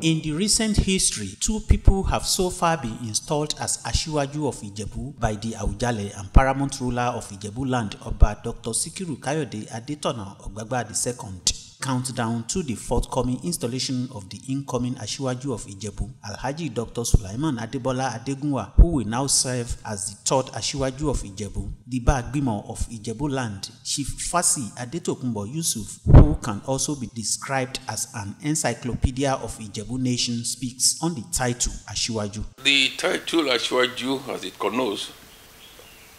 In the recent history, two people have so far been installed as Ashiwaju of Ijebu by the Awujale and paramount ruler of Ijebu land, Oba Dr. Sikiru Kayode Adetona Ogbagba II countdown to the forthcoming installation of the incoming Ashiwaju of Ijebu, Alhaji Dr. Sulaiman Adebola Adegunwa, who will now serve as the third Ashiwaju of Ijebu, the Bagbimo of Ijebu land, Chief Fasi Adetokunbo Yusuf, who can also be described as an encyclopedia of Ijebu nation, speaks on the title Ashiwaju. The title Ashiwaju, as it connotes,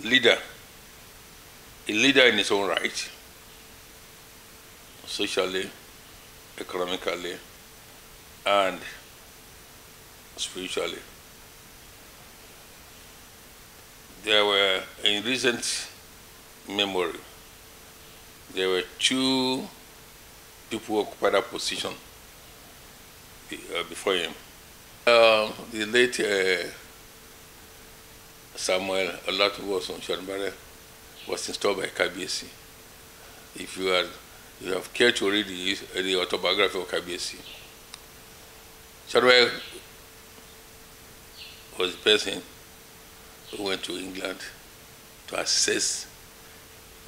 leader, a leader in his own right socially, economically, and spiritually. There were, in recent memory, there were two people who occupied that position uh, before him. Um, the late uh, Samuel Olatunwosun Shonbare was installed by KBC. If you are You have cared to read the, the autobiography of Kabiyesi. Chadwell was the person who went to England to assess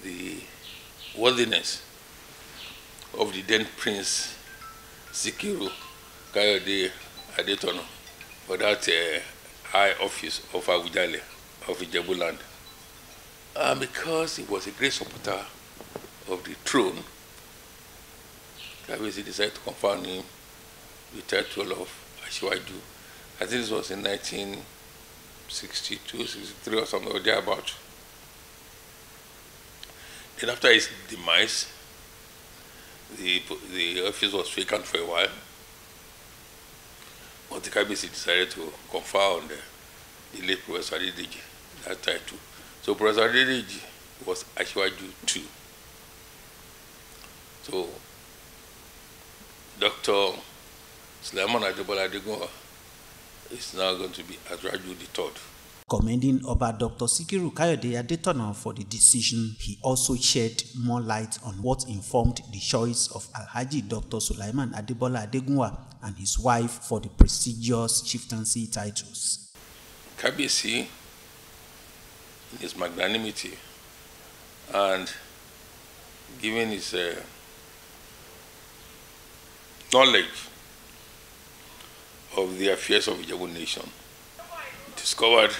the worthiness of the then Prince Sikiru Kayode Adetono for that uh, high office of Awujale of Ijebuland. And because he was a great supporter of the throne, Kabezi decided to confound him with the title of Ashiwaju. I think this was in 1962, 63 or something, or About Then after his demise, the, the office was vacant for a while. But the Kabezi decided to confound the, the late Professor Adidiji, that title. So Professor Adidiji was Ashiwaju too. So Dr. Sulaiman Adebola Adegunwa is now going to be Adraju third. Commending Oba Dr. Sikiru Kayode Adetona for the decision, he also shed more light on what informed the choice of Alhaji Dr. Sulaiman Adebola Adegunwa and his wife for the prestigious chieftaincy titles. Kabisi, in his magnanimity and given his uh, knowledge of the affairs of Ijabu nation, discovered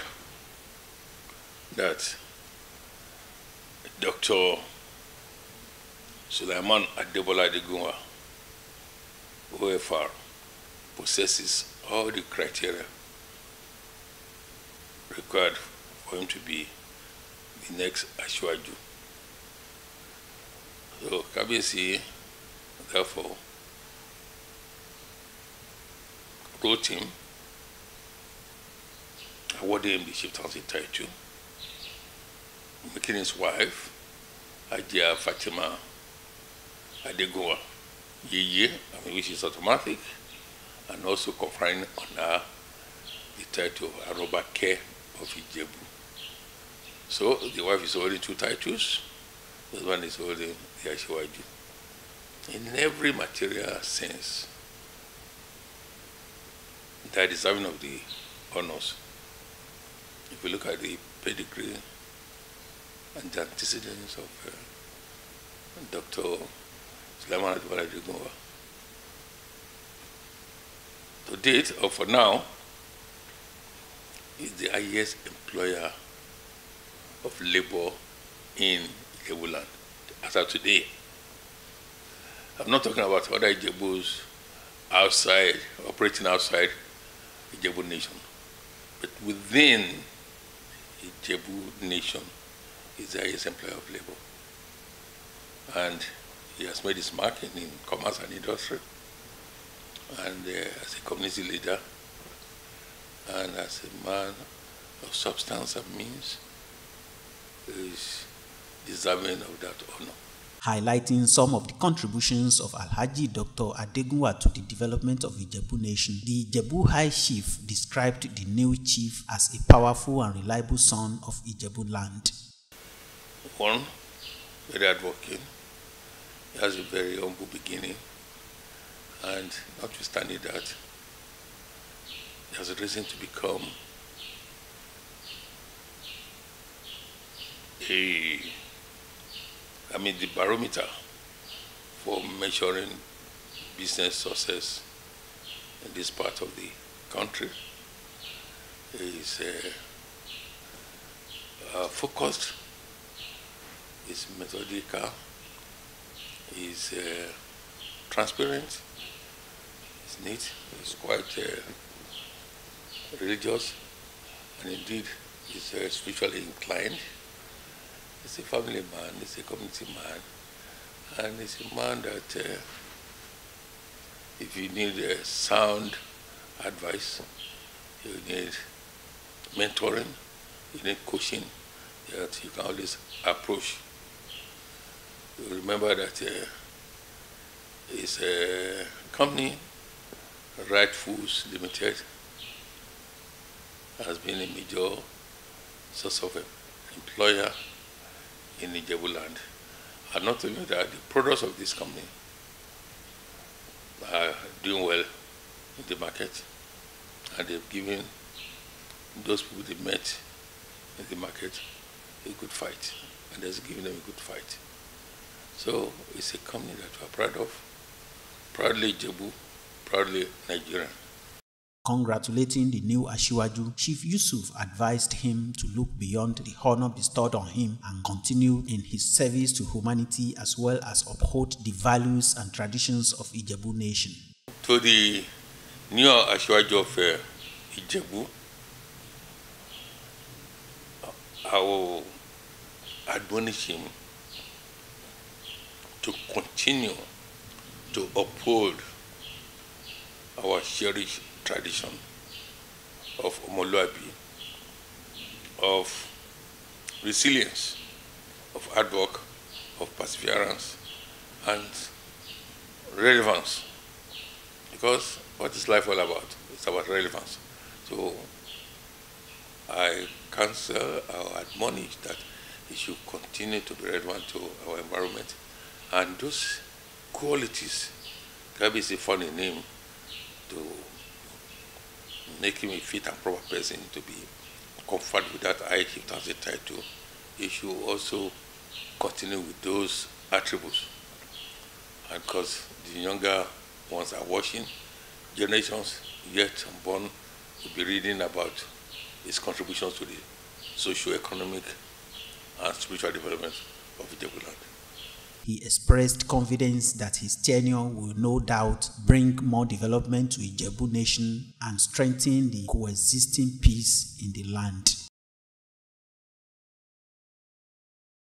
that Dr. Sulaiman Adebola Degunwa, OFR, possesses all the criteria required for him to be the next Ashwaju. So Kabesi, therefore, approach him, awarding him the chieftaincy title, making his wife, Ajia Fatima Adegoa Yeye, I mean, which is automatic, and also conferring on her the title of Aroba Care of Ijebu. So the wife is holding two titles, the one is holding the Ashiwaju. In every material sense, they are deserving of the honors. If we look at the pedigree and the antecedents of uh, Dr. Sulaiman Adibaradigumba. To date, or for now, is the highest employer of labor in Ijebuland as of today. I'm not talking about other Ijebus outside, operating outside Ijebu nation. But within Ijebu nation is the highest employer of labor. And he has made his mark in, in commerce and industry, and uh, as a community leader, and as a man of substance and means, is deserving of that honor highlighting some of the contributions of Alhaji Dr. Adegunwa to the development of the Jebu Nation. The Jebu High Chief described the new chief as a powerful and reliable son of Ijebu land. One, very hardworking. He has a very humble beginning. And notwithstanding that, he has a reason to become a I mean the barometer for measuring business success in this part of the country is uh, uh, focused, is methodical, is uh, transparent, is neat, is quite uh, religious, and indeed is uh, spiritually inclined. He's a family man, he's a community man, and he's a man that uh, if you need uh, sound advice, you need mentoring, you need coaching, that you can always approach. You remember that uh, it's a company, Right Foods Limited, has been a major source of employer in Ijebu land are not only that, the products of this company are doing well in the market and they've given those people they met in the market a good fight and that's giving them a good fight. So it's a company that we're proud of, proudly Jebu, proudly Nigerian. Congratulating the new Ashiwaju, Chief Yusuf advised him to look beyond the honor bestowed on him and continue in his service to humanity as well as uphold the values and traditions of Ijebu nation. To the new Ashiwaju of uh, Ijebu, I will admonish him to continue to uphold our cherished tradition, of Omoluabi, of resilience, of hard work, of perseverance, and relevance. Because what is life all about? It's about relevance. So I counsel or admonish that it should continue to be relevant to our environment. And those qualities, That is a funny name to making me fit and proper person to be conferred with that high gift as a title, you should also continue with those attributes. And because the younger ones are watching, generations yet unborn will be reading about his contributions to the socio-economic and spiritual development of Ijebuland. He expressed confidence that his tenure will no doubt bring more development to Ijebu Nation and strengthen the coexisting peace in the land.